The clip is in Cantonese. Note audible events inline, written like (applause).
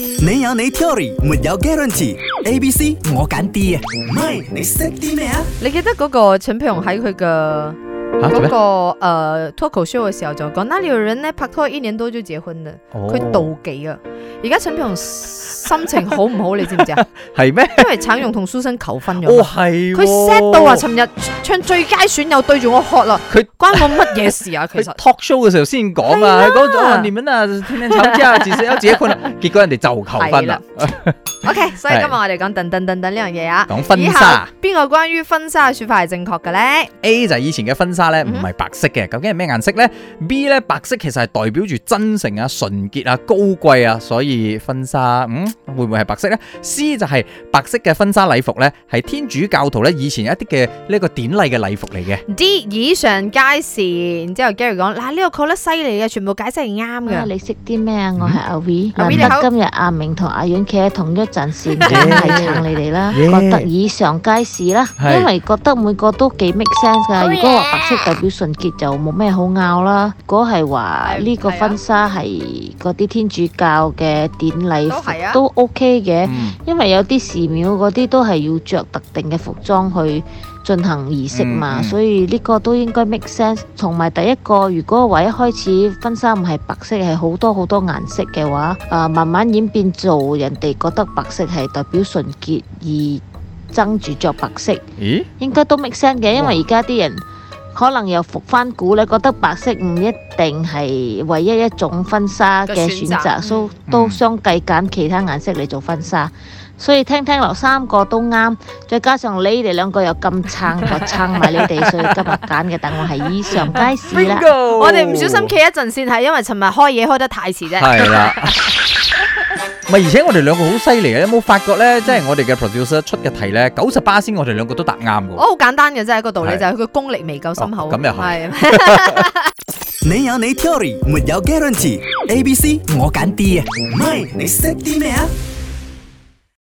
你有你 theory，沒有 guarantee。A、B、C 我揀 D 啊，MY 你識啲咩啊？你記得嗰個陳佩鴻喺佢嘅？嗰個誒 talk show 嘅時候就講，那裡有人咧拍拖一年多就結婚啦。佢妒忌啊！而家陳皮紅心情好唔好，你知唔知啊？係咩？因為陳皮紅同蘇生求婚咗。哦係。佢 set 到啊！尋日唱最佳損友對住我喝咯。佢關我乜嘢事啊？其實。talk show 嘅時候先講啊！講咗話點樣啊？聽聽陳之啊自己困，結果人哋就求婚啦。OK，所以今日我哋講等等等等呢樣嘢啊。講婚紗。邊個關於婚紗嘅說法係正確嘅咧？A 就係以前嘅婚紗。紗咧唔係白色嘅，究竟係咩顏色咧？B 咧白色其實係代表住真誠啊、純潔啊、高貴啊，所以婚紗嗯，會唔會係白色咧？C 就係白色嘅婚紗禮服咧，係天主教徒咧以前一啲嘅呢個典禮嘅禮服嚟嘅。D 以上皆是，然之後 Gary 講，嗱呢個講得犀利嘅，全部解釋係啱嘅。你識啲咩啊？我係阿 V，嗱今日阿明同阿婉企喺同一陣線，唔該提下你哋啦。覺得以上皆是啦，因為覺得每個都幾 make sense 噶。如果話白代表純潔就冇咩好拗啦。如果係話呢個婚紗係嗰啲天主教嘅典禮服都、啊，都 OK 嘅，嗯、因為有啲寺廟嗰啲都係要着特定嘅服裝去進行儀式嘛。嗯嗯，所以呢個都應該 make sense。同埋第一個，如果話一開始婚紗唔係白色，係好多好多顏色嘅話，啊、呃、慢慢演變做人哋覺得白色係代表純潔而爭住着白色，咦應該都 make sense 嘅，因為而家啲人。可能又復返古咧，覺得白色唔一定係唯一一種婚紗嘅選擇，都，選擇 so, 都相繼揀其他顏色嚟做婚紗。所以、mm. so, 聽聽落三個都啱，再加上你哋兩個又咁撐，我撐埋你哋，所以今日揀嘅，答案係以上皆是啦。B ingo! 我哋唔小心企一陣先係，因為尋日開嘢開得太遲啫。係啦 (laughs) 而且我哋兩個好犀利嘅，有冇發覺呢？嗯、即係我哋嘅 producer 出嘅題呢，九十八先我哋兩個都答啱嘅。哦，好簡單嘅，即係一個道理，就係佢嘅功力未夠深厚。咁又係。你有你 theory，沒有 guarantee。A、B、C，我揀 D 啊！唔係，你識啲咩啊？